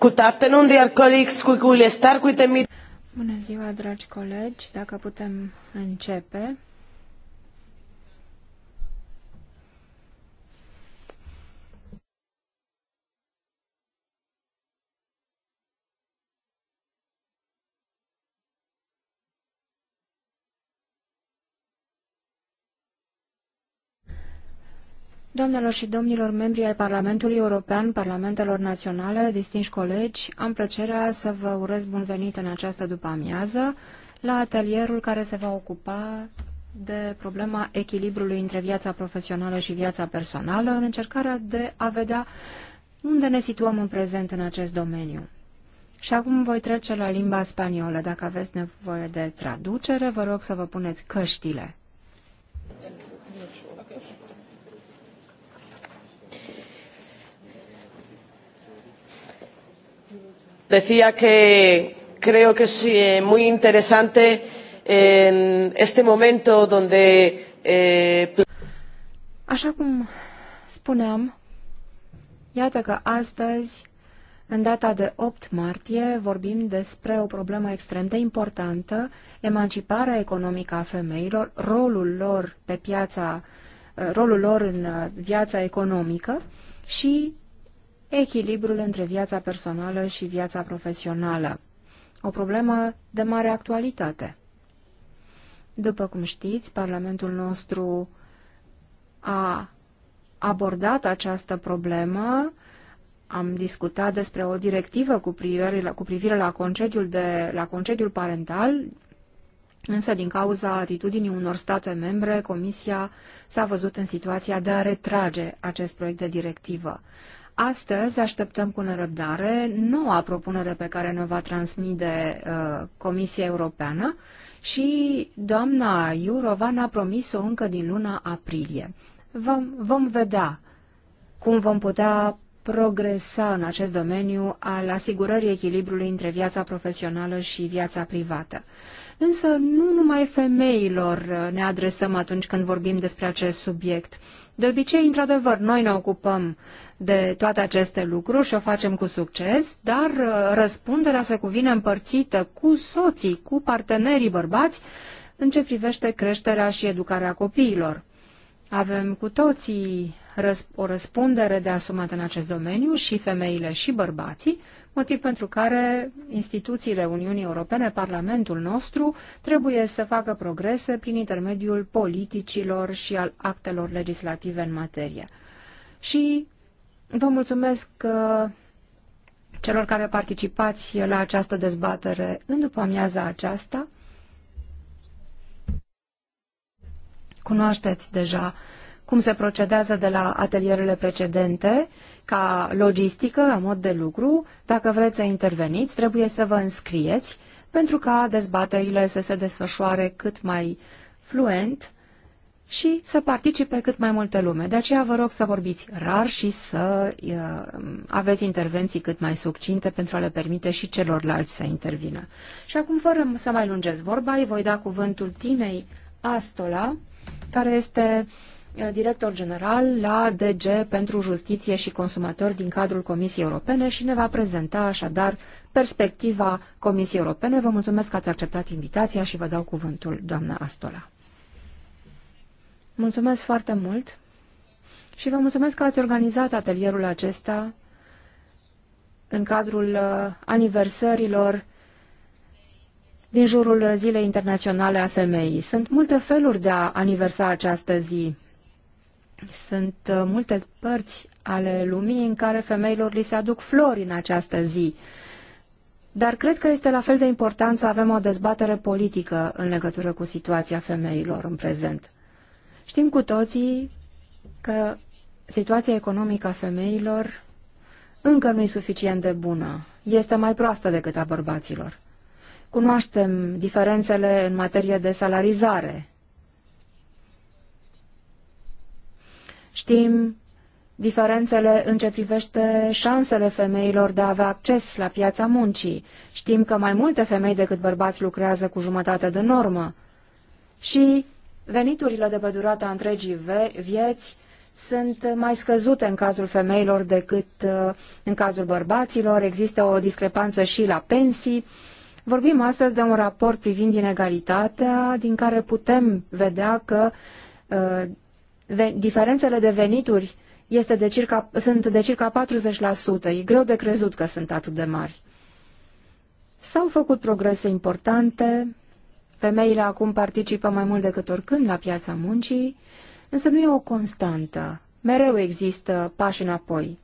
Good afternoon, dear colleagues. We will start with the meeting. Bună ziua, dragi colegi. Dacă putem începe. Doamnelor și domnilor membri ai Parlamentului European, Parlamentelor Naționale, distinși colegi, am plăcerea să vă urez bun venit în această după-amiază la atelierul care se va ocupa de problema echilibrului între viața profesională și viața personală în încercarea de a vedea unde ne situăm în prezent în acest domeniu. Și acum voi trece la limba spaniolă. Dacă aveți nevoie de traducere, vă rog să vă puneți căștile. decía que creo que es eh, muy interesante en este momento donde. Eh, Așa cum spuneam, iată că astăzi, în data de 8 martie, vorbim despre o problemă extrem de importantă, emanciparea economică a femeilor, rolul lor pe piața, rolul lor în uh, viața economică și echilibrul între viața personală și viața profesională. O problemă de mare actualitate. După cum știți, Parlamentul nostru a abordat această problemă, am discutat despre o directivă cu privire la, cu privire la, concediul, de, la concediul parental, însă din cauza atitudinii unor state membre, Comisia s-a văzut în situația de a retrage acest proiect de directivă. Astăzi așteptăm cu nerăbdare noua propunere pe care ne va transmite uh, Comisia Europeană și doamna Iurova ne-a promis-o încă din luna aprilie. Vom, vom vedea cum vom putea progresa în acest domeniu al asigurării echilibrului între viața profesională și viața privată. Însă nu numai femeilor uh, ne adresăm atunci când vorbim despre acest subiect. De obicei, într-adevăr, noi ne ocupăm de toate aceste lucruri și o facem cu succes, dar uh, răspunderea se cuvine împărțită cu soții, cu partenerii bărbați în ce privește creșterea și educarea copiilor. Avem cu toții o răspundere de asumat în acest domeniu și femeile și bărbații, motiv pentru care instituțiile Uniunii Europene, Parlamentul nostru, trebuie să facă progrese prin intermediul politicilor și al actelor legislative în materie. Și vă mulțumesc uh, celor care participați la această dezbatere în după amiaza aceasta. cunoașteți deja cum se procedează de la atelierele precedente, ca logistică, la mod de lucru. Dacă vreți să interveniți, trebuie să vă înscrieți pentru ca dezbaterile să se desfășoare cât mai fluent și să participe cât mai multe lume. De aceea vă rog să vorbiți rar și să uh, aveți intervenții cât mai succinte pentru a le permite și celorlalți să intervină. Și acum, fără să mai lungesc vorba, îi voi da cuvântul tinei Astola, care este uh, director general la DG pentru Justiție și Consumatori din cadrul Comisiei Europene și ne va prezenta așadar perspectiva Comisiei Europene. Vă mulțumesc că ați acceptat invitația și vă dau cuvântul, doamna Astola. Mulțumesc foarte mult și vă mulțumesc că ați organizat atelierul acesta în cadrul uh, aniversărilor din jurul Zilei Internaționale a Femeii. Sunt multe feluri de a aniversa această zi. Sunt uh, multe părți ale lumii în care femeilor li se aduc flori în această zi. Dar cred că este la fel de important să avem o dezbatere politică în legătură cu situația femeilor în prezent. Știm cu toții că situația economică a femeilor încă nu e suficient de bună. Este mai proastă decât a bărbaților. Cunoaștem diferențele în materie de salarizare. Știm diferențele în ce privește șansele femeilor de a avea acces la piața muncii. Știm că mai multe femei decât bărbați lucrează cu jumătate de normă. Și veniturile de pe durata întregii vieți sunt mai scăzute în cazul femeilor decât uh, în cazul bărbaților. Există o discrepanță și la pensii. Vorbim astăzi de un raport privind inegalitatea, din care putem vedea că uh, diferențele de venituri este de circa, sunt de circa 40%. E greu de crezut că sunt atât de mari. S-au făcut progrese importante, femeile acum participă mai mult decât oricând la piața muncii, însă nu e o constantă. Mereu există pași înapoi.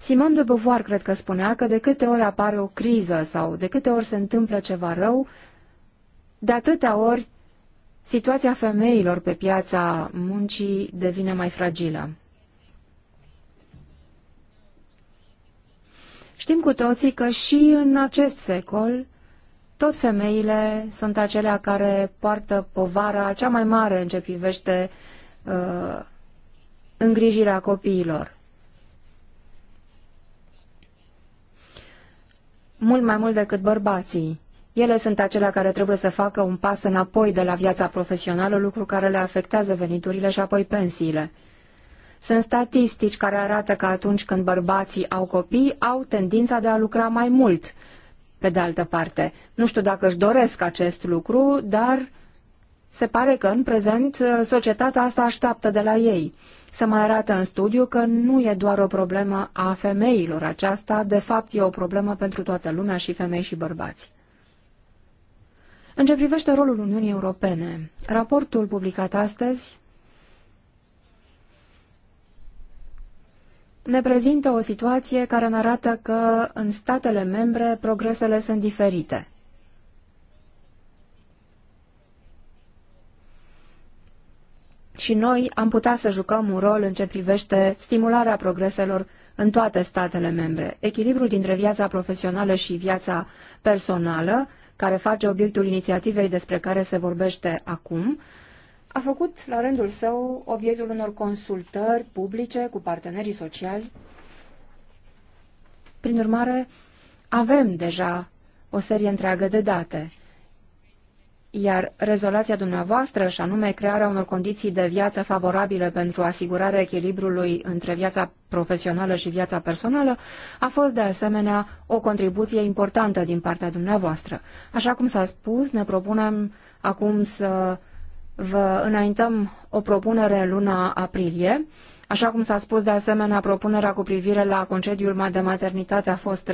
Simon de Beauvoir cred că spunea că de câte ori apare o criză sau de câte ori se întâmplă ceva rău, de atâtea ori situația femeilor pe piața muncii devine mai fragilă. Știm cu toții că și în acest secol tot femeile sunt acelea care poartă povara cea mai mare în ce privește uh, îngrijirea copiilor. mult mai mult decât bărbații. Ele sunt acelea care trebuie să facă un pas înapoi de la viața profesională, lucru care le afectează veniturile și apoi pensiile. Sunt statistici care arată că atunci când bărbații au copii, au tendința de a lucra mai mult. Pe de altă parte, nu știu dacă își doresc acest lucru, dar se pare că, în prezent, societatea asta așteaptă de la ei. să mai arată în studiu că nu e doar o problemă a femeilor aceasta, de fapt e o problemă pentru toată lumea și femei și bărbați. În ce privește rolul Uniunii Europene, raportul publicat astăzi ne prezintă o situație care ne arată că în statele membre progresele sunt diferite. și noi am putea să jucăm un rol în ce privește stimularea progreselor în toate statele membre. Echilibrul dintre viața profesională și viața personală, care face obiectul inițiativei despre care se vorbește acum, a făcut la rândul său obiectul unor consultări publice cu partenerii sociali. Prin urmare, avem deja o serie întreagă de date iar rezolația dumneavoastră, și anume crearea unor condiții de viață favorabile pentru asigurarea echilibrului între viața profesională și viața personală, a fost de asemenea o contribuție importantă din partea dumneavoastră. Așa cum s-a spus, ne propunem acum să vă înaintăm o propunere în luna aprilie, Așa cum s-a spus de asemenea, propunerea cu privire la concediul de maternitate a fost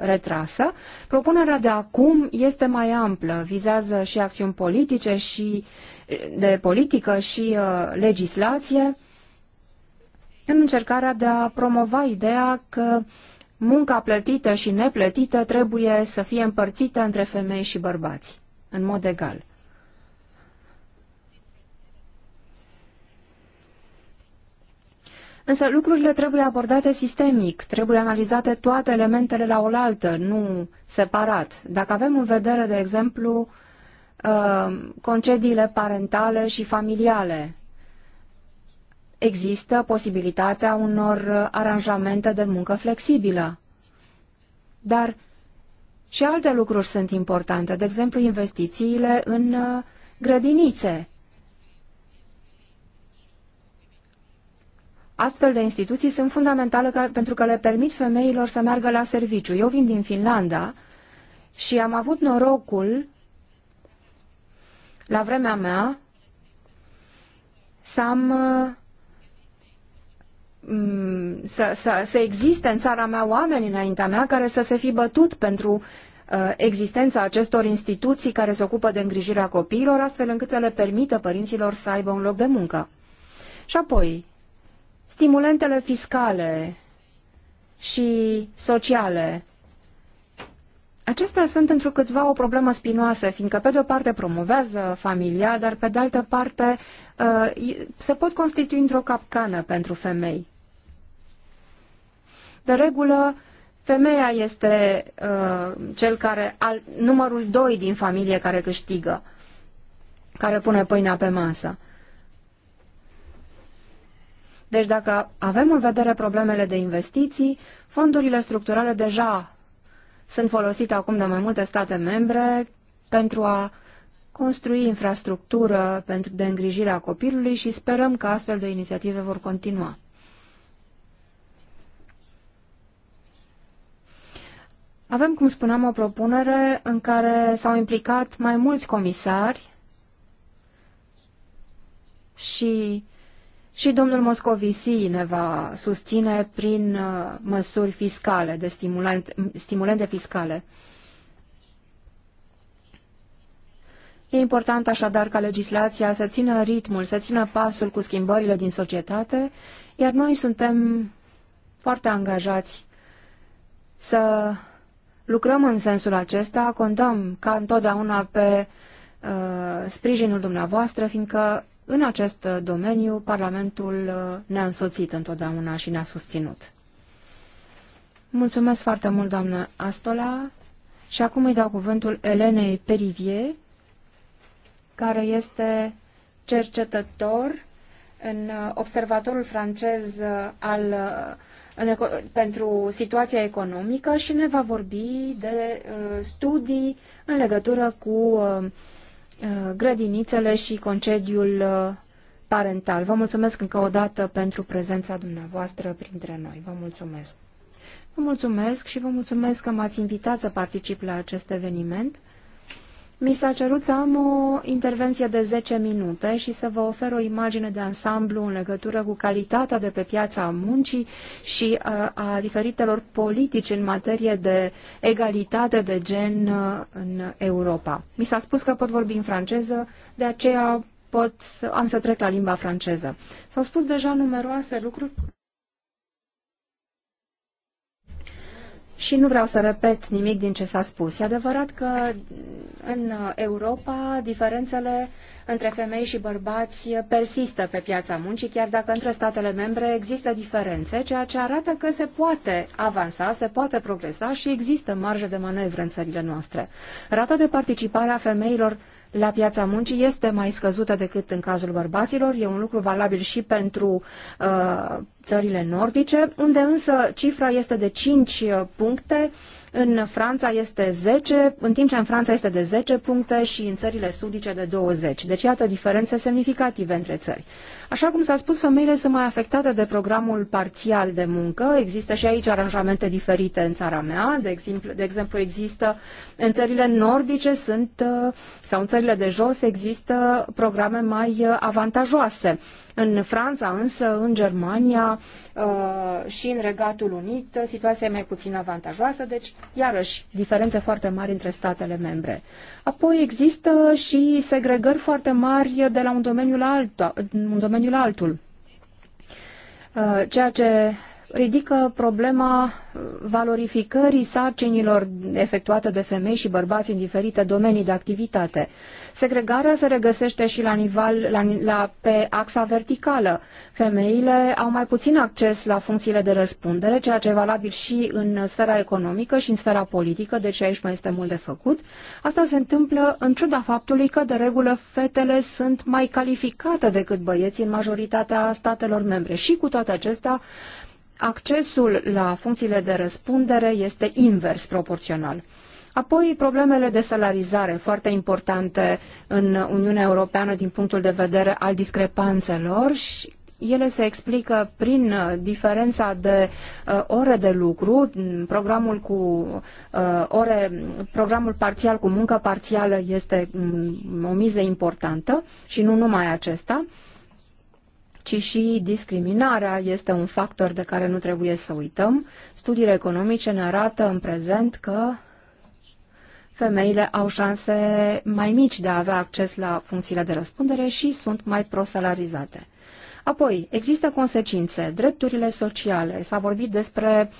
retrasă. Propunerea de acum este mai amplă, vizează și acțiuni politice și de politică și uh, legislație în încercarea de a promova ideea că munca plătită și neplătită trebuie să fie împărțită între femei și bărbați, în mod egal. Însă lucrurile trebuie abordate sistemic, trebuie analizate toate elementele la oaltă, nu separat. Dacă avem în vedere, de exemplu, uh, concediile parentale și familiale, există posibilitatea unor aranjamente de muncă flexibilă. Dar și alte lucruri sunt importante, de exemplu investițiile în uh, grădinițe. Astfel de instituții sunt fundamentale ca, pentru că le permit femeilor să meargă la serviciu. Eu vin din Finlanda și am avut norocul, la vremea mea, să am mm, să, să, să existe în țara mea oameni înaintea mea care să se fi bătut pentru uh, existența acestor instituții care se ocupă de îngrijirea copiilor, astfel încât să le permită părinților să aibă un loc de muncă. Și apoi, Stimulentele fiscale și sociale Acestea sunt întrucâtva o problemă spinoasă, fiindcă pe de-o parte promovează familia, dar pe de-altă parte uh, se pot constitui într-o capcană pentru femei. De regulă, femeia este uh, cel care, al, numărul doi din familie care câștigă, care pune pâinea pe masă. Deci dacă avem în vedere problemele de investiții, fondurile structurale deja sunt folosite acum de mai multe state membre pentru a construi infrastructură pentru de îngrijire a copilului și sperăm că astfel de inițiative vor continua. Avem, cum spuneam, o propunere în care s-au implicat mai mulți comisari și și domnul Moscovici ne va susține prin uh, măsuri fiscale, de stimulant, stimulente fiscale. E important așadar ca legislația să țină ritmul, să țină pasul cu schimbările din societate, iar noi suntem foarte angajați să lucrăm în sensul acesta, contăm ca întotdeauna pe uh, sprijinul dumneavoastră, fiindcă în acest uh, domeniu, Parlamentul uh, ne-a însoțit întotdeauna și ne-a susținut. Mulțumesc foarte mult, doamnă Astola. Și acum îi dau cuvântul Elenei Perivie, care este cercetător în uh, observatorul francez al, în, pentru situația economică și ne va vorbi de uh, studii în legătură cu uh, Uh, grădinițele și concediul uh, parental. Vă mulțumesc încă o dată pentru prezența dumneavoastră printre noi. Vă mulțumesc. Vă mulțumesc și vă mulțumesc că m-ați invitat să particip la acest eveniment. Mi s-a cerut să am o intervenție de 10 minute și să vă ofer o imagine de ansamblu în legătură cu calitatea de pe piața muncii și uh, a diferitelor politici în materie de egalitate de gen uh, în Europa. Mi s-a spus că pot vorbi în franceză, de aceea pot, am să trec la limba franceză. S-au spus deja numeroase lucruri și nu vreau să repet nimic din ce s-a spus. E adevărat că în Europa diferențele între femei și bărbați persistă pe piața muncii, chiar dacă între statele membre există diferențe, ceea ce arată că se poate avansa, se poate progresa și există marjă de manevră în țările noastre. Rata de participare a femeilor la piața muncii este mai scăzută decât în cazul bărbaților. E un lucru valabil și pentru uh, țările nordice, unde însă cifra este de 5 uh, puncte uh, în Franța este 10, în timp ce în Franța este de 10 puncte și în țările sudice de 20. Deci iată diferențe semnificative între țări. Așa cum s-a spus, femeile sunt mai afectate de programul parțial de muncă. Există și aici aranjamente diferite în țara mea. De exemplu, de exemplu există în țările nordice sunt, uh, sau în țările de jos există programe mai uh, avantajoase. În Franța însă, în Germania uh, și în Regatul Unit, situația e mai puțin avantajoasă, deci iarăși, diferențe foarte mari între statele membre. Apoi există și segregări foarte mari de la un domeniu la, alta, un domeniu la altul. Uh, ceea ce ridică problema uh, valorificării sarcinilor efectuate de femei și bărbați în diferite domenii de activitate. Segregarea se regăsește și la nivel, la, la, pe axa verticală. Femeile au mai puțin acces la funcțiile de răspundere, ceea ce e valabil și în sfera economică și în sfera politică, deci aici mai este mult de făcut. Asta se întâmplă în ciuda faptului că, de regulă, fetele sunt mai calificate decât băieții în majoritatea statelor membre. Și cu toate acestea, accesul la funcțiile de răspundere este invers proporțional. Apoi, problemele de salarizare, foarte importante în Uniunea Europeană din punctul de vedere al discrepanțelor și ele se explică prin uh, diferența de uh, ore de lucru, programul cu uh, ore, programul parțial cu muncă parțială este um, o miză importantă și nu numai acesta. Uh, ci și discriminarea este un factor de care nu trebuie să uităm. Studiile economice ne arată în prezent că femeile au șanse mai mici de a avea acces la funcțiile de răspundere și sunt mai prosalarizate. Apoi, există consecințe, drepturile sociale, s-a vorbit despre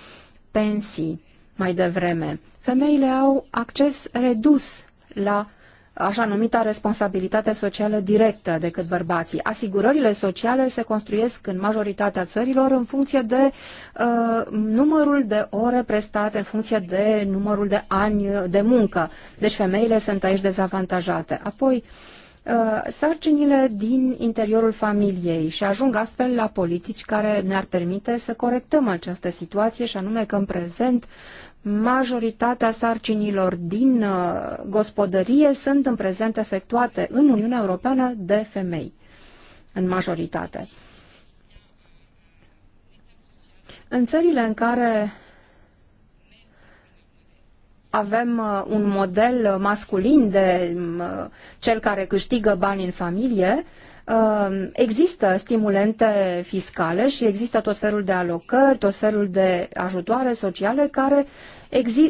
pensii mai devreme. Femeile au acces redus la așa numita responsabilitate socială directă decât bărbații. Asigurările sociale se construiesc în majoritatea țărilor în funcție de uh, numărul de ore prestate, în funcție de numărul de ani de muncă. Deci femeile sunt aici dezavantajate. Apoi, uh, sarcinile din interiorul familiei și ajung astfel la politici care ne-ar permite să corectăm această situație și anume că în prezent majoritatea sarcinilor din uh, gospodărie sunt în prezent efectuate în Uniunea Europeană de femei, în majoritate. În țările în care avem uh, un model masculin de uh, cel care câștigă bani în familie, Ehm, există stimulente fiscale și există tot felul de alocări, tot felul de ajutoare sociale care,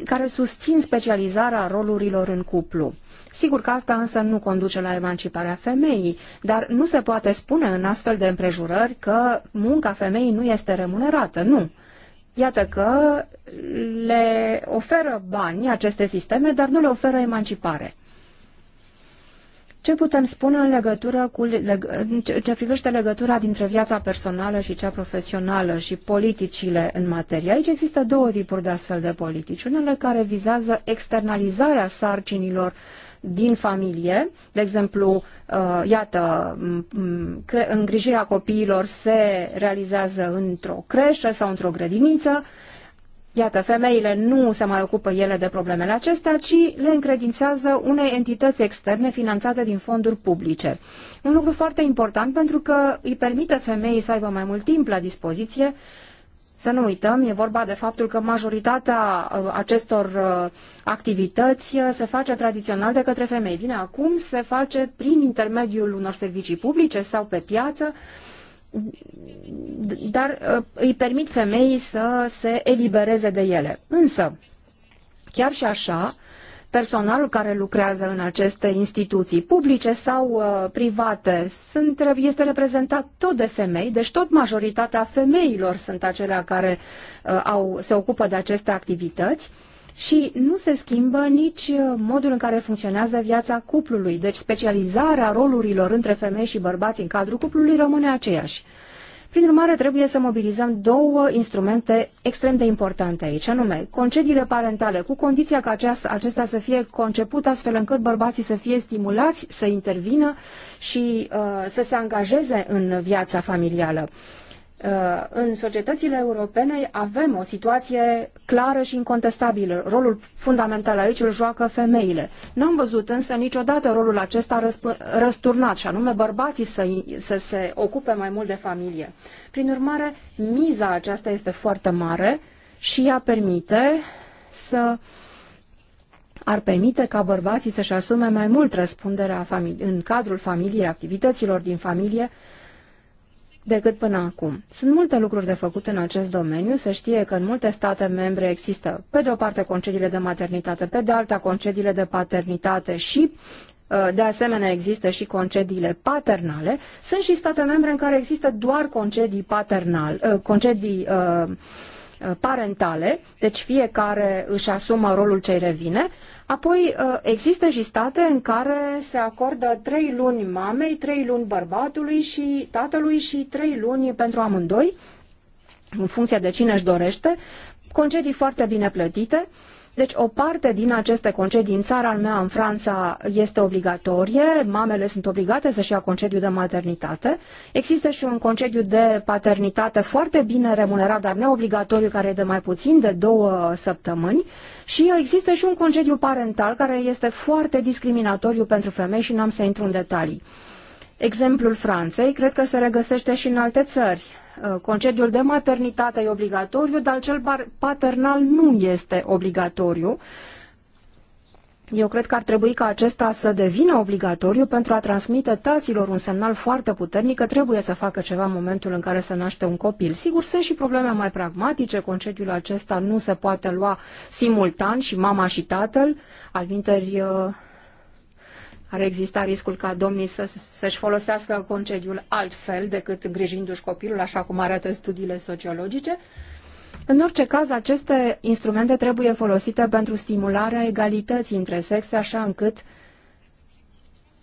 care susțin specializarea rolurilor în cuplu. Sigur că asta însă nu conduce la emanciparea femeii, dar nu se poate spune în astfel de împrejurări că munca femeii nu este remunerată, nu. Iată că le oferă bani aceste sisteme, dar nu le oferă emancipare. Ce putem spune în legătură cu ce privește legătura dintre viața personală și cea profesională și politicile în materie? Aici există două tipuri de astfel de politici. Unele care vizează externalizarea sarcinilor din familie, de exemplu, uh, iată, îngrijirea copiilor se realizează într-o creșă sau într-o grădiniță Iată, femeile nu se mai ocupă ele de problemele acestea, ci le încredințează unei entități externe finanțate din fonduri publice. Un lucru foarte important pentru că îi permite femeii să aibă mai mult timp la dispoziție. Să nu uităm, e vorba de faptul că majoritatea uh, acestor uh, activități uh, se face tradițional de către femei. Bine, acum se face prin intermediul unor servicii publice sau pe piață, dar uh, îi permit femeii să se elibereze de ele. Însă, chiar și așa, personalul care lucrează în aceste instituții publice sau uh, private sunt, este reprezentat tot de femei, deci tot majoritatea femeilor sunt acelea care uh, au, se ocupă de aceste activități. Uh, și nu se schimbă nici uh, modul în care funcționează viața cuplului, deci specializarea rolurilor între femei și bărbați în cadrul cuplului rămâne aceeași. Prin urmare, trebuie să mobilizăm două instrumente extrem de importante aici, anume concediile parentale, cu condiția ca aceasta, acesta să fie conceput astfel încât bărbații să fie stimulați să intervină și uh, să se angajeze în viața familială. Uh, Uh, în societățile europene avem o situație clară și incontestabilă. Rolul fundamental aici îl joacă femeile. N-am văzut însă niciodată rolul acesta răsturnat, și anume bărbații să, să se ocupe mai mult de familie. Prin urmare, miza aceasta este foarte mare și ea permite să ar permite ca bărbații să-și asume mai mult răspunderea în cadrul familiei, activităților din familie, decât până acum. Sunt multe lucruri de făcut în acest domeniu. Se știe că în multe state membre există, pe de o parte, concediile de maternitate, pe de alta, concediile de paternitate și uh, de asemenea, există și concediile paternale. Sunt și state membre în care există doar concedii paternal, uh, concedii uh, Uh, parentale, deci fiecare își asumă rolul ce revine. Apoi uh, există și state în care se acordă trei luni mamei, trei luni bărbatului și tatălui și trei luni pentru amândoi, în funcție de cine își dorește, concedii foarte bine plătite. Uh, deci o parte din aceste concedii în țara mea, în Franța, este obligatorie. Mamele sunt obligate să-și ia concediu de maternitate. Există și un concediu de paternitate foarte bine remunerat, dar neobligatoriu, care e de mai puțin de două săptămâni. Și există și un concediu parental care este foarte discriminatoriu pentru femei și n-am să intru în detalii. Exemplul Franței cred că se regăsește și în alte țări. Uh, concediul de maternitate e obligatoriu, dar cel paternal nu este obligatoriu. Eu cred că ar trebui ca acesta să devină obligatoriu pentru a transmite taților un semnal foarte puternic că trebuie să facă ceva în momentul în care se naște un copil. Sigur, sunt și probleme mai pragmatice, concediul acesta nu se poate lua simultan și mama și tatăl, alvinteri uh, ar exista riscul ca domnii să, să-și folosească concediul altfel decât îngrijindu-și copilul, așa cum arată studiile sociologice. În orice caz, aceste instrumente trebuie folosite pentru stimularea egalității între sexe, așa încât uh,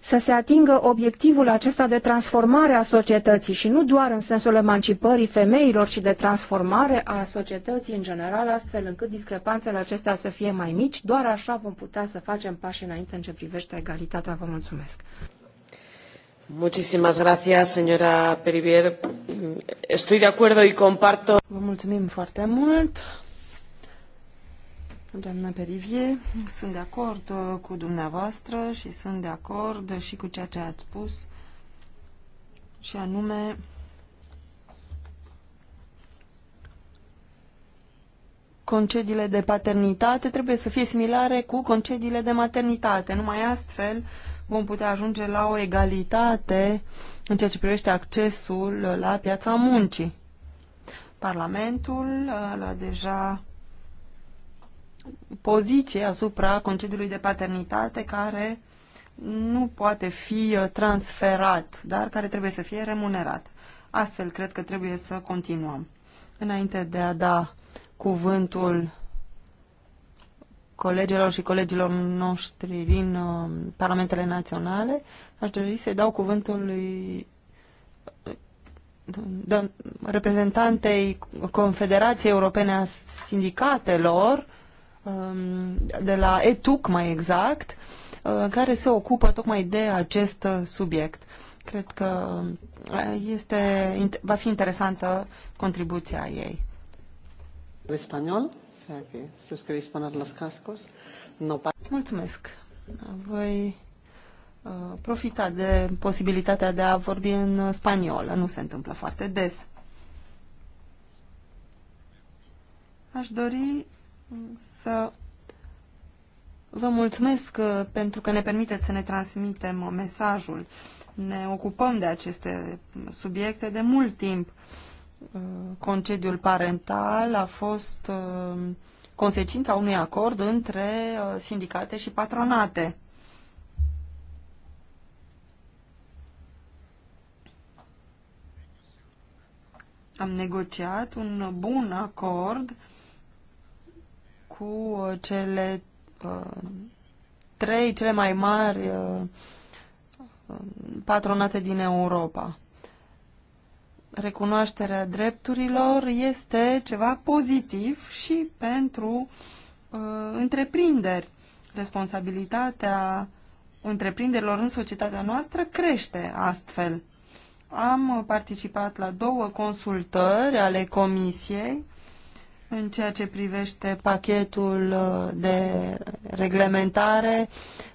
să se atingă obiectivul acesta de transformare a societății și nu doar în sensul emancipării femeilor, ci de transformare a societății în general, astfel încât discrepanțele acestea să fie mai mici. Doar așa vom putea să facem pași înainte în ce privește egalitatea. Vă mulțumesc! Muchísimas gracias, señora Perivier. Estoy de acuerdo y comparto. Vă mulțumim foarte mult. Doamna Perivie, sunt de acord uh, cu dumneavoastră și sunt de acord și cu ceea ce ați spus și anume concediile de paternitate trebuie să fie similare cu concediile de maternitate. Numai astfel vom putea ajunge la o egalitate în ceea ce privește accesul la piața muncii. Parlamentul uh, a luat deja poziție asupra concediului de paternitate care nu poate fi uh, transferat, dar care trebuie să fie remunerat. Astfel, cred că trebuie să continuăm. Înainte de a da cuvântul colegilor și colegilor noștri din uh, Parlamentele Naționale, aș dori să-i dau cuvântul lui uh, reprezentantei Confederației Europene a Sindicatelor, Um, de la ETUC mai exact, uh, care se ocupă tocmai de acest uh, subiect. Cred că uh, este, va fi interesantă contribuția ei. El cascos. Mulțumesc. Voi profita de posibilitatea de a vorbi în spaniolă. Nu se întâmplă foarte des. Aș dori să vă mulțumesc uh, pentru că ne permiteți să ne transmitem mesajul. Ne ocupăm de aceste subiecte de mult timp. Uh, concediul parental a fost uh, consecința unui acord între sindicate și patronate. Am negociat un bun acord cu uh, cele uh, trei cele mai mari uh, patronate din Europa. Recunoașterea drepturilor este ceva pozitiv și pentru uh, întreprinderi. Responsabilitatea întreprinderilor în societatea noastră crește astfel. Am participat la două consultări ale comisiei în ceea ce privește pachetul uh, de reglementare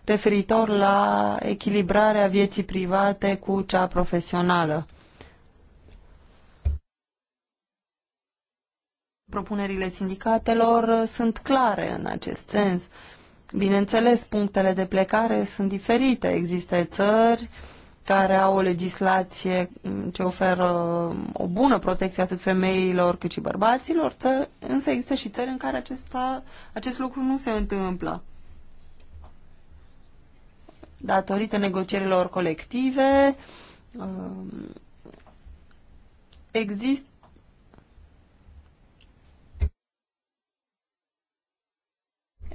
referitor la echilibrarea vieții private cu cea profesională. Propunerile sindicatelor uh, sunt clare în acest sens. Bineînțeles, punctele de plecare sunt diferite. Există țări care au o legislație ce oferă o bună protecție atât femeilor cât și bărbaților, ță, însă există și țări în care acesta, acest lucru nu se întâmplă. Datorită negocierilor colective, um, există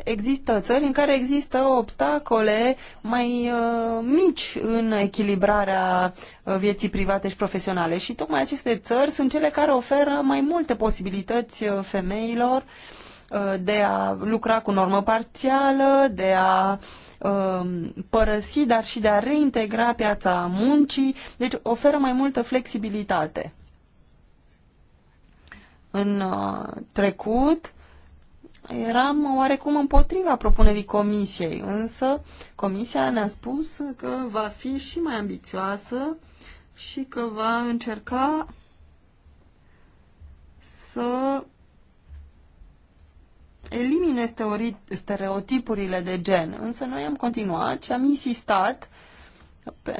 există țări în care există obstacole mai uh, mici în echilibrarea uh, vieții private și profesionale și tocmai aceste țări sunt cele care oferă mai multe posibilități uh, femeilor de a lucra cu normă parțială, de a părăsi, dar și de a reintegra piața muncii, deci oferă mai multă flexibilitate. În trecut, eram oarecum împotriva propunerii comisiei, însă comisia ne-a spus că va fi și mai ambițioasă și că va încerca să elimine stereotipurile de gen. Însă noi am continuat și am insistat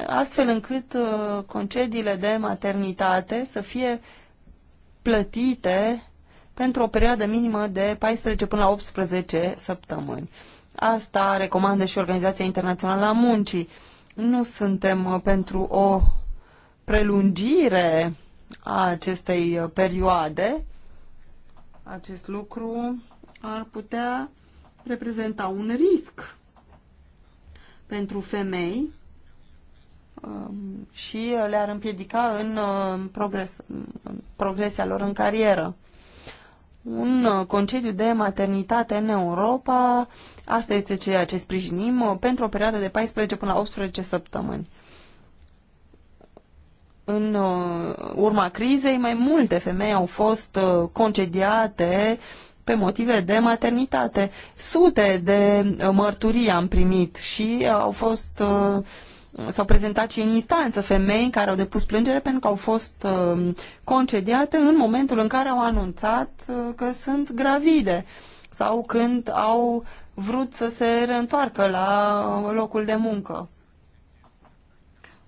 astfel încât uh, concediile de maternitate să fie plătite pentru o perioadă minimă de 14 până la 18 săptămâni. Asta recomandă și Organizația Internațională a Muncii. Nu suntem uh, pentru o prelungire a acestei uh, perioade. Acest lucru ar putea reprezenta un risc pentru femei um, și le-ar împiedica în uh, progres, în progresia lor în carieră un uh, concediu de maternitate în Europa. Asta este ceea ce sprijinim uh, pentru o perioadă de 14 până la 18 săptămâni. În uh, urma crizei, mai multe femei au fost concediate pe motive de maternitate. Sute de mărturii am primit și au fost uh, s-au prezentat și în instanță femei care au depus plângere pentru că au fost uh, concediate în momentul în care au anunțat uh, că sunt gravide sau când au vrut să se reîntoarcă la locul de muncă.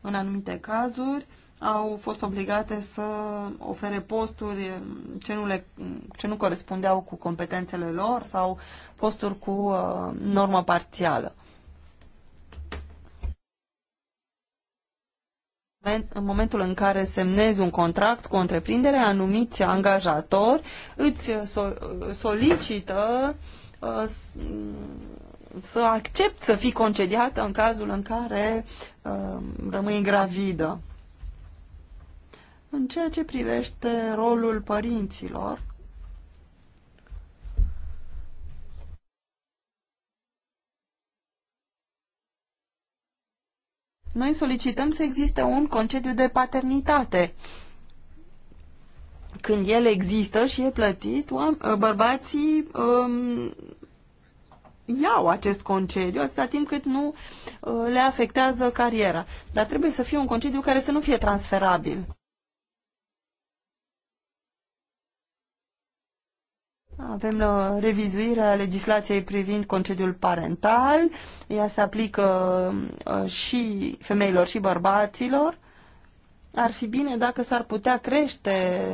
În anumite cazuri au fost obligate să ofere posturi ce nu, le, ce nu corespundeau cu competențele lor sau posturi cu uh, normă parțială. moment, în momentul în care semnezi un contract cu o întreprindere, anumiți angajatori îți uh, uh, solicită uh, mm, să accept să fii concediată în cazul în care rămâi gravidă. În ceea ce privește rolul părinților, Noi solicităm să existe un concediu de paternitate. Când el există și e plătit, ă, bărbații um, iau acest concediu atâta timp cât nu uh, le afectează cariera. Dar trebuie să fie un concediu care să nu fie transferabil. Avem la uh, revizuirea legislației privind concediul parental. Ea se aplică uh, și femeilor și bărbaților. Ar fi bine dacă s-ar putea crește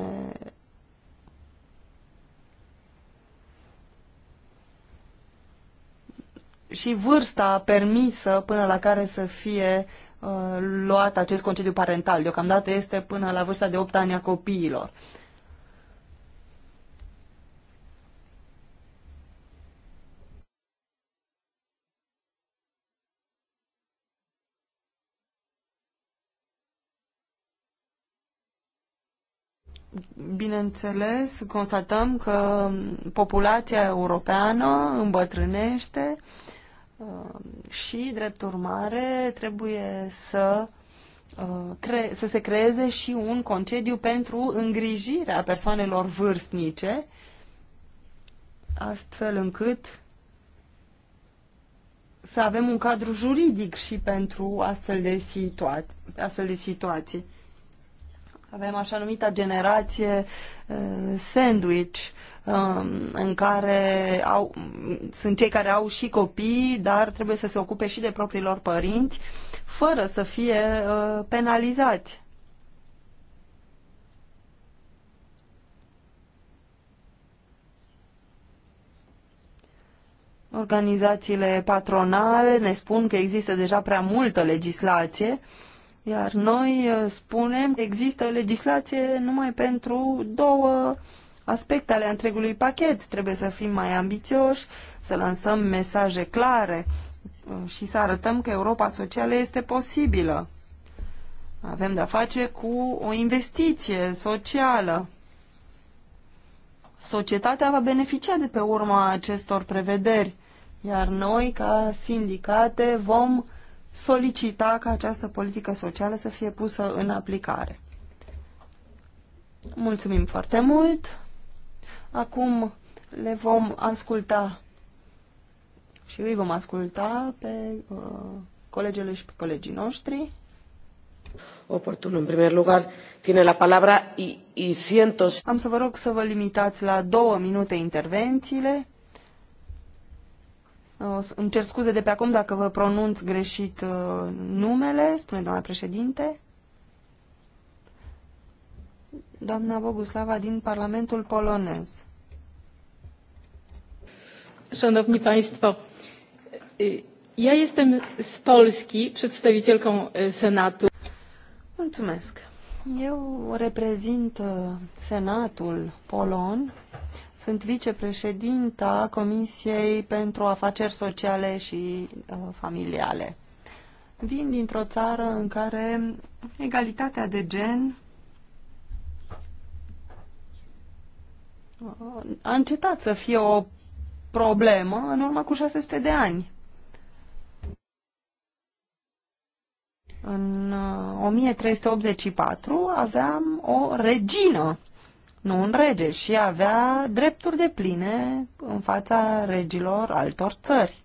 și vârsta permisă până la care să fie uh, luat acest concediu parental. Deocamdată este până la vârsta de 8 ani a copiilor. Uh, bineînțeles, constatăm că populația europeană îmbătrânește uh, și, drept urmare, trebuie să, uh, să se creeze și un concediu pentru îngrijirea persoanelor vârstnice, astfel încât să avem un cadru juridic și pentru astfel de, situa- astfel de situații. Avem așa numita generație uh, sandwich, um, în care au, sunt cei care au și copii, dar trebuie să se ocupe și de propriilor părinți, fără să fie uh, penalizați. Organizațiile patronale ne spun că există deja prea multă legislație uh, iar noi uh, spunem că există legislație numai pentru două aspecte ale întregului pachet. Trebuie să fim mai ambițioși, să lansăm mesaje clare uh, și să arătăm că Europa socială este posibilă. Avem de-a face cu o investiție socială. Societatea va beneficia de pe urma acestor prevederi, iar noi, ca sindicate, vom solicita ca această politică socială să fie pusă în aplicare. Mulțumim foarte mult! Acum le vom asculta și îi vom asculta pe uh, colegele și pe colegii noștri. Oportun, în primul lugar, tine la palabra și y siento... Am să vă rog să vă limitați la două minute intervențiile îmi cer scuze de pe acum dacă vă pronunț greșit uh, numele, spune doamna președinte. Doamna Boguslava din Parlamentul Polonez. Szanowni Państwo, ja jestem z Polski, przedstawicielką Senatu. Mulțumesc. Eu reprezint uh, Senatul Polon, sunt vicepreședinta Comisiei pentru Afaceri Sociale și uh, Familiale. Vin dintr-o țară în care egalitatea de gen uh, a încetat să fie o problemă în urmă cu 600 de ani. În 1384 uh, aveam o regină nu un rege, și avea drepturi de pline în fața regilor altor țări.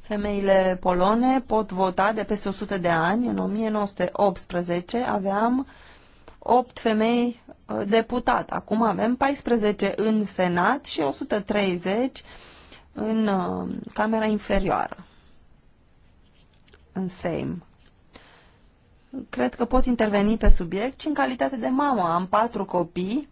Femeile polone pot vota de peste 100 de ani. În 1918 aveam 8 femei uh, deputat. Acum avem 14 în Senat și 130 în uh, Camera Inferioară, în Sejm cred că pot interveni pe subiect, ci în calitate de mamă. Am patru copii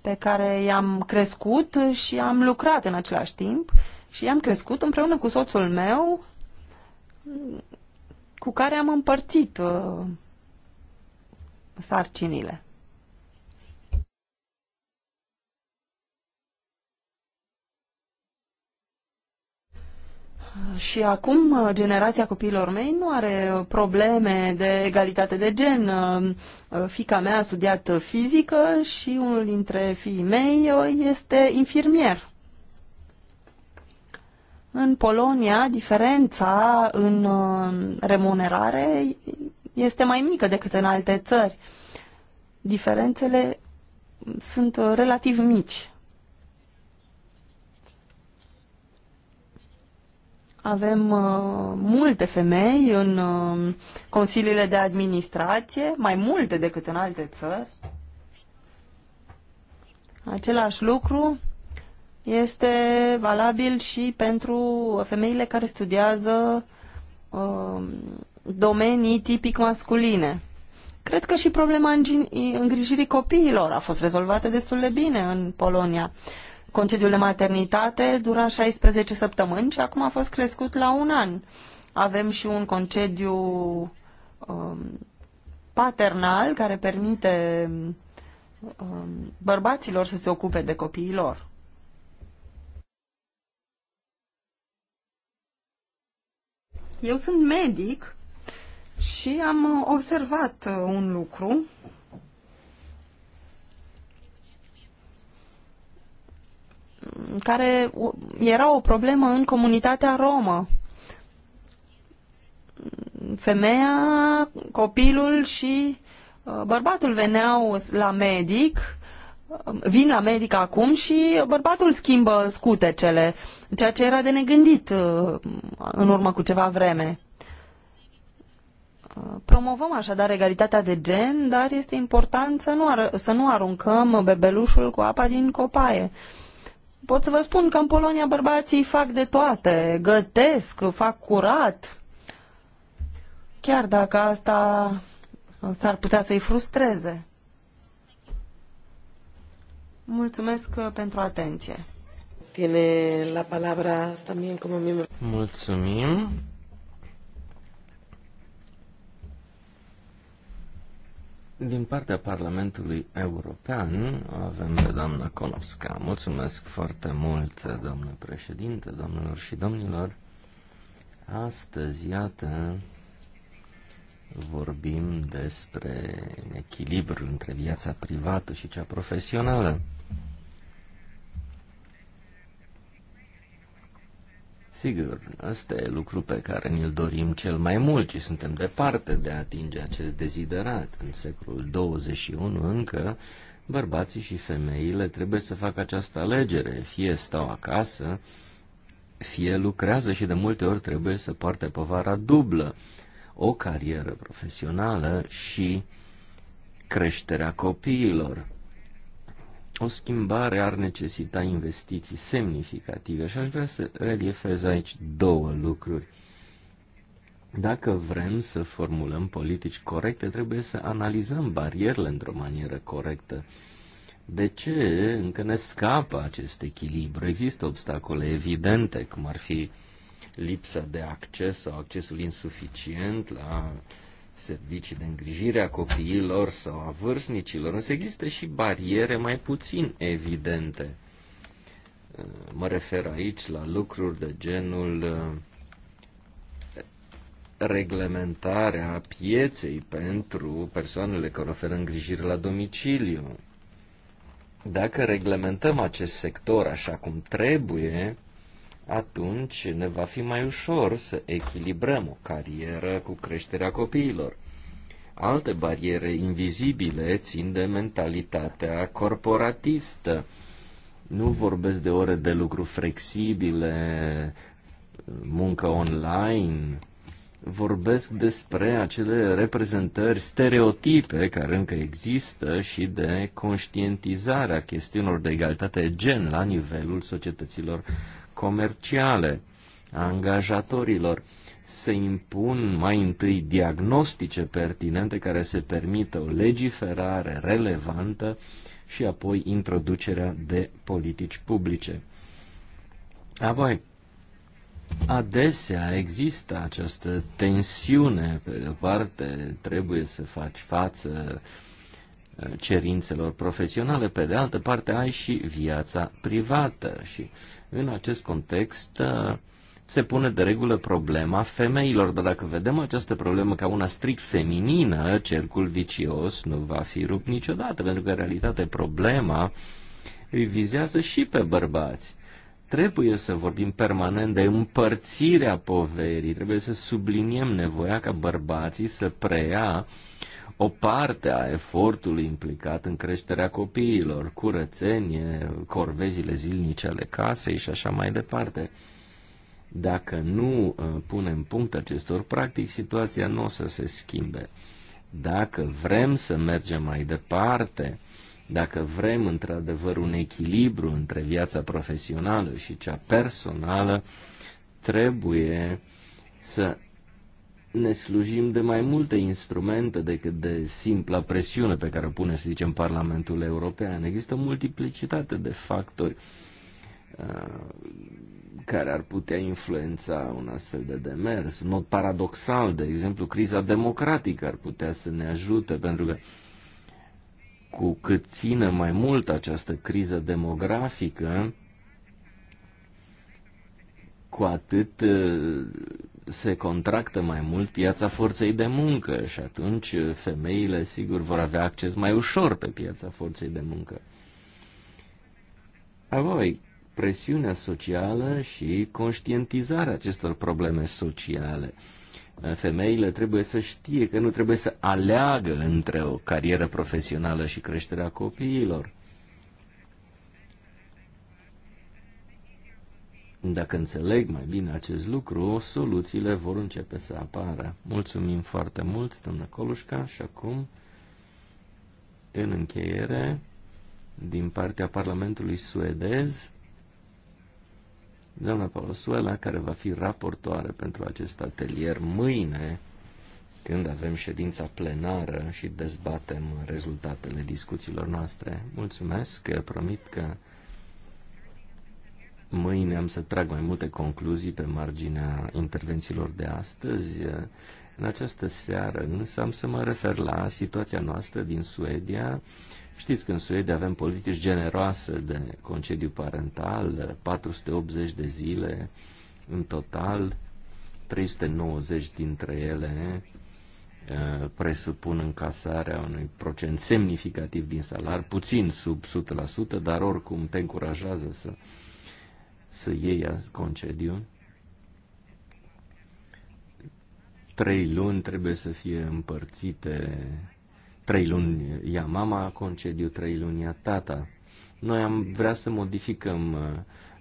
pe care i-am crescut și am lucrat în același timp și i-am crescut împreună cu soțul meu cu care am împărțit uh, sarcinile. Și acum uh, generația copiilor mei nu are uh, probleme de egalitate de gen. Uh, fica mea a studiat fizică și unul dintre fiii mei este infirmier. În Polonia, diferența în remunerare este mai mică decât în alte țări. Diferențele sunt relativ mici. Avem uh, multe femei în uh, consiliile de administrație, mai multe decât în alte țări. Același lucru este valabil și pentru femeile care studiază uh, domenii tipic masculine. Cred că și problema îngrijirii copiilor a fost rezolvată destul de bine în Polonia. Uh, concediul de maternitate dura 16 săptămâni și acum a fost crescut la un an. Avem și un concediu um, paternal care permite um, bărbaților să se ocupe de copiii lor. Eu sunt medic și am observat uh, un lucru care era o problemă în comunitatea romă. Femeia, copilul și uh, bărbatul veneau la medic, uh, vin la medic acum și bărbatul schimbă scutecele, ceea ce era de negândit uh, în urmă cu ceva vreme. Promovăm așadar egalitatea de gen, dar este important să nu, ar- să nu aruncăm bebelușul cu apa din copaie. Uh, Pot să vă spun că în Polonia bărbații fac de toate, gătesc, fac curat. Chiar dacă asta s-ar putea să-i frustreze. Mulțumesc pentru atenție. Tine la palabra también como miembro. Mulțumim. Din partea Parlamentului European avem pe doamna Konovska. Mulțumesc foarte mult, domnule președinte, domnilor și domnilor. Astăzi, iată, vorbim despre echilibrul între viața privată și cea profesională. Sigur, asta e lucru pe care ne-l dorim cel mai mult și suntem departe de a atinge acest deziderat. În secolul 21 încă bărbații și femeile trebuie să facă această alegere. Fie stau acasă, fie lucrează și de multe ori trebuie să poarte povara dublă. O carieră profesională și creșterea copiilor o schimbare ar necesita investiții semnificative și aș vrea să reliefez aici două lucruri. Dacă vrem să formulăm politici corecte, trebuie să analizăm barierele într-o manieră corectă. De ce încă ne scapă acest echilibru? Există obstacole evidente, cum ar fi lipsa de acces sau accesul insuficient la servicii de îngrijire a copiilor sau a vârstnicilor, însă există și bariere mai puțin evidente. Uh, mă refer aici la lucruri de genul uh, reglementarea pieței pentru persoanele care oferă îngrijire la domiciliu. Dacă reglementăm acest sector așa cum trebuie, atunci ne va fi mai ușor să echilibrăm o carieră cu creșterea copiilor. Alte bariere invizibile țin de mentalitatea corporatistă. Nu vorbesc de ore de lucru flexibile, muncă online, vorbesc despre acele reprezentări stereotipe care încă există și de conștientizarea chestiunilor de egalitate gen la nivelul societăților comerciale a angajatorilor, se impun mai întâi diagnostice pertinente care se permită o legiferare relevantă și apoi introducerea de politici publice. Apoi, adesea există această tensiune, pe de o parte trebuie să faci față uh, cerințelor profesionale, pe de altă parte ai și viața privată și în acest context uh, se pune de regulă problema femeilor, dar dacă vedem această problemă ca una strict feminină, cercul vicios nu va fi rupt niciodată, pentru că în realitate problema îi vizează și pe bărbați. Trebuie să vorbim permanent de împărțirea poverii, trebuie să subliniem nevoia ca bărbații să preia uh, o parte a efortului implicat în creșterea copiilor, curățenie, corvezile zilnice ale casei și așa mai departe. Dacă nu uh, punem punct acestor practici, situația nu o să se schimbe. Dacă vrem să mergem mai departe, dacă vrem într-adevăr un echilibru între viața profesională și cea personală, trebuie să ne slujim de mai multe instrumente decât de simpla presiune pe care o pune, să zicem, Parlamentul European. Există multiplicitate de factori uh, care ar putea influența un astfel de demers. În mod paradoxal, de exemplu, criza democratică ar putea să ne ajute, pentru că cu cât ține mai mult această criză demografică, cu atât uh, se contractă mai mult piața forței de muncă și atunci femeile, sigur, vor avea acces mai ușor pe piața forței de muncă. Apoi, presiunea socială și conștientizarea acestor probleme sociale. Femeile trebuie să știe că nu trebuie să aleagă între o carieră profesională și creșterea copiilor. Dacă înțeleg mai bine acest lucru, soluțiile vor începe să apară. Mulțumim foarte mult, doamnă Colușca, și acum, în încheiere, din partea Parlamentului suedez, doamna Palosuela, care va fi raportoare pentru acest atelier mâine, când avem ședința plenară și dezbatem rezultatele discuțiilor noastre. Mulțumesc, promit că Mâine am să trag mai multe concluzii pe marginea intervențiilor de astăzi. În această seară însă am să mă refer la situația noastră din Suedia. Știți că în Suedia avem politici generoase de concediu parental, 480 de zile în total, 390 dintre ele presupun încasarea unui procent semnificativ din salar, puțin sub 100%, dar oricum te încurajează să să iei concediu. Trei luni trebuie să fie împărțite, trei luni ia mama concediu, trei luni ia tata. Noi am vrea să modificăm uh,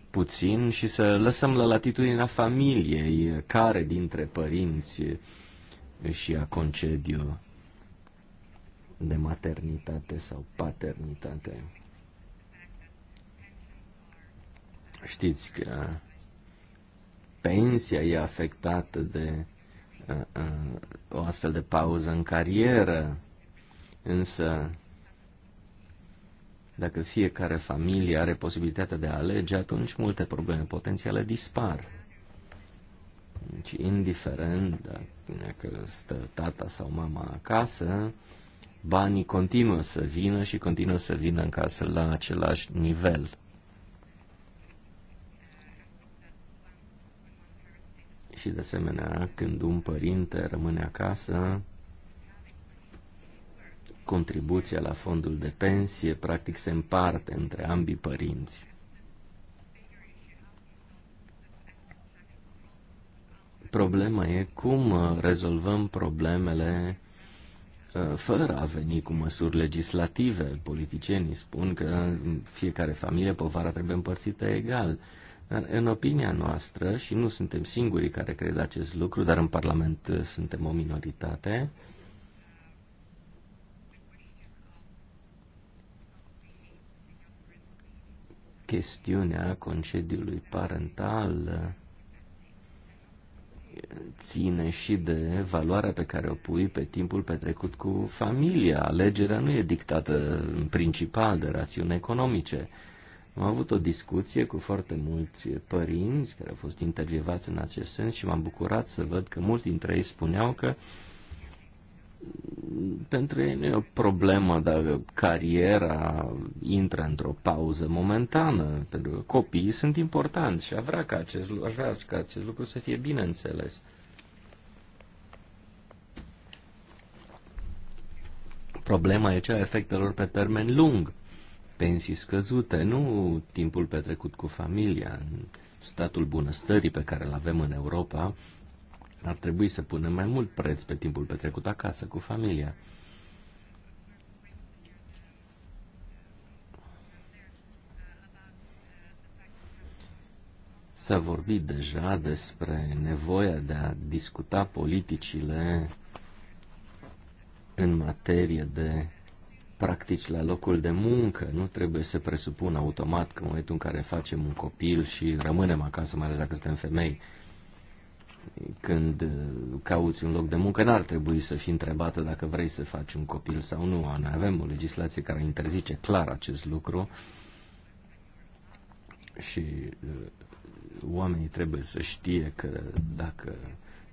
puțin și să lăsăm la latitudinea familiei uh, care dintre părinți și a concediu de maternitate sau paternitate. Știți că pensia e afectată de uh, uh, o astfel de pauză în carieră, însă dacă fiecare familie are posibilitatea de a alege, atunci multe probleme potențiale dispar. Deci, indiferent dacă stă tata sau mama acasă, banii continuă să vină și continuă să vină în casă la același nivel. și de asemenea când un părinte rămâne acasă, contribuția la fondul de pensie practic se împarte între ambii părinți. Problema e cum uh, rezolvăm problemele uh, fără a veni cu măsuri legislative. Politicienii spun că fiecare familie povara trebuie împărțită egal. În, în opinia noastră, și nu suntem singurii care cred acest lucru, dar în Parlament uh, suntem o minoritate, chestiunea concediului parental uh, ține și de valoarea pe care o pui pe timpul petrecut cu familia. Alegerea nu e dictată în principal de rațiuni economice. Am avut o discuție cu foarte mulți părinți care au fost intervievați în acest sens și m-am bucurat să văd că mulți dintre ei spuneau că pentru ei nu e o problemă dacă cariera intră într-o pauză momentană, pentru că copiii sunt importanți și vrea ca acest, aș vrea ca acest lucru să fie bine înțeles. Problema e cea a efectelor pe termen lung pensii scăzute, nu timpul petrecut cu familia, în statul bunăstării pe care îl avem în Europa, ar trebui să punem mai mult preț pe timpul petrecut acasă cu familia. S-a vorbit deja despre nevoia de a discuta politicile în materie de practici la locul de muncă. Nu trebuie să presupună automat că în momentul în care facem un copil și rămânem acasă, mai ales dacă suntem femei, când uh, cauți un loc de muncă, n-ar trebui să fii întrebată dacă vrei să faci un copil sau nu. Noi avem o legislație care interzice clar acest lucru și uh, oamenii trebuie să știe că dacă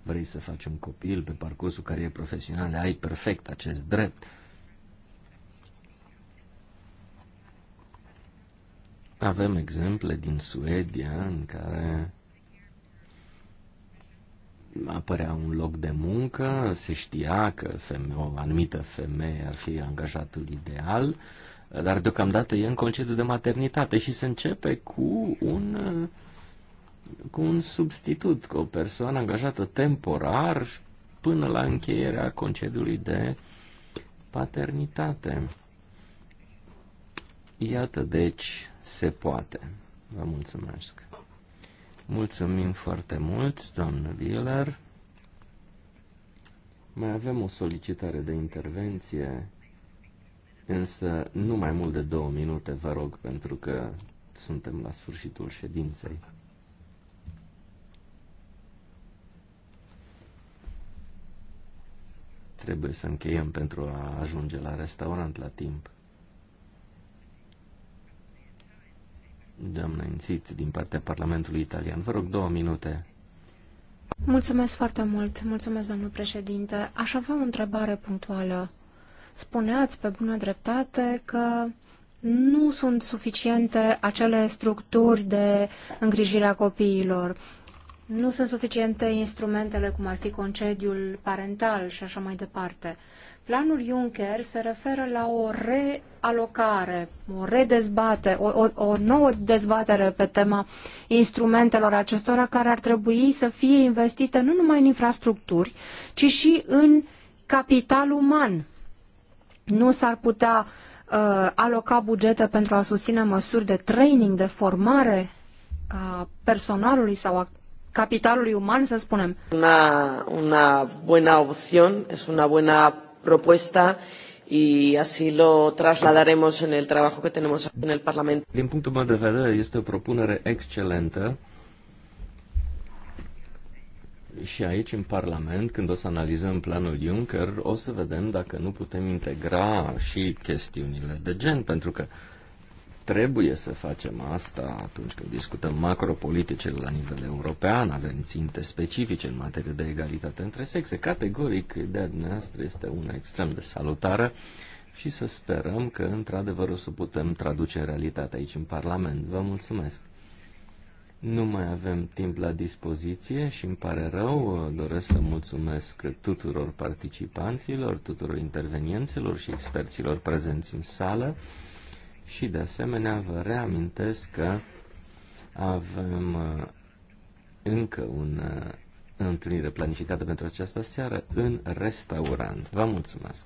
vrei să faci un copil pe parcursul carierei profesionale, ai perfect acest drept. Avem exemple din Suedia în care apărea un loc de muncă, se știa că feme- o anumită femeie ar fi angajatul ideal, dar deocamdată e în concediu de maternitate și se începe cu un, cu un substitut, cu o persoană angajată temporar până la încheierea concediului de paternitate. Iată, deci, se poate. Vă mulțumesc. Mulțumim foarte mult, doamnă Wheeler. Mai avem o solicitare de intervenție, însă nu mai mult de două minute, vă rog, pentru că suntem la sfârșitul ședinței. Trebuie să încheiem pentru a ajunge la restaurant la timp. doamna Ințit, din partea Parlamentului Italian. Vă rog două minute. Mulțumesc foarte mult. Mulțumesc, domnul președinte. Aș avea o întrebare punctuală. Spuneați pe bună dreptate că nu sunt suficiente acele structuri de îngrijire a copiilor. Nu sunt suficiente instrumentele cum ar fi concediul parental și așa mai departe. Planul Juncker se referă la o realocare, o redezbate, o, o, o nouă dezbatere pe tema instrumentelor acestora care ar trebui să fie investite nu numai în infrastructuri, ci și în capital uman. Nu s-ar putea uh, aloca bugete pentru a susține măsuri de training, de formare a personalului sau a capitalului uman, să spunem. Una, una buena opción, es una buena propuesta y así lo trasladaremos en el trabajo que tenemos en el Parlamento. Din punctul meu de vedere, este o propunere excelentă și aici, în Parlament, când o să analizăm planul Juncker, o să vedem dacă nu putem integra și chestiunile de gen, pentru că uh, Trebuie să facem asta atunci când discutăm macropoliticele la nivel european, avem ținte specifice în materie de egalitate între sexe. Categoric, ideea noastră este una extrem de salutară și să sperăm că, într-adevăr, o să putem traduce în realitate aici, în Parlament. Vă mulțumesc! Nu mai avem timp la dispoziție și îmi pare rău, doresc să mulțumesc tuturor participanților, tuturor intervenienților și experților prezenți în sală. Și de asemenea vă reamintesc că avem uh, încă un uh, întâlnire planificată pentru această seară în restaurant. Vă mulțumesc!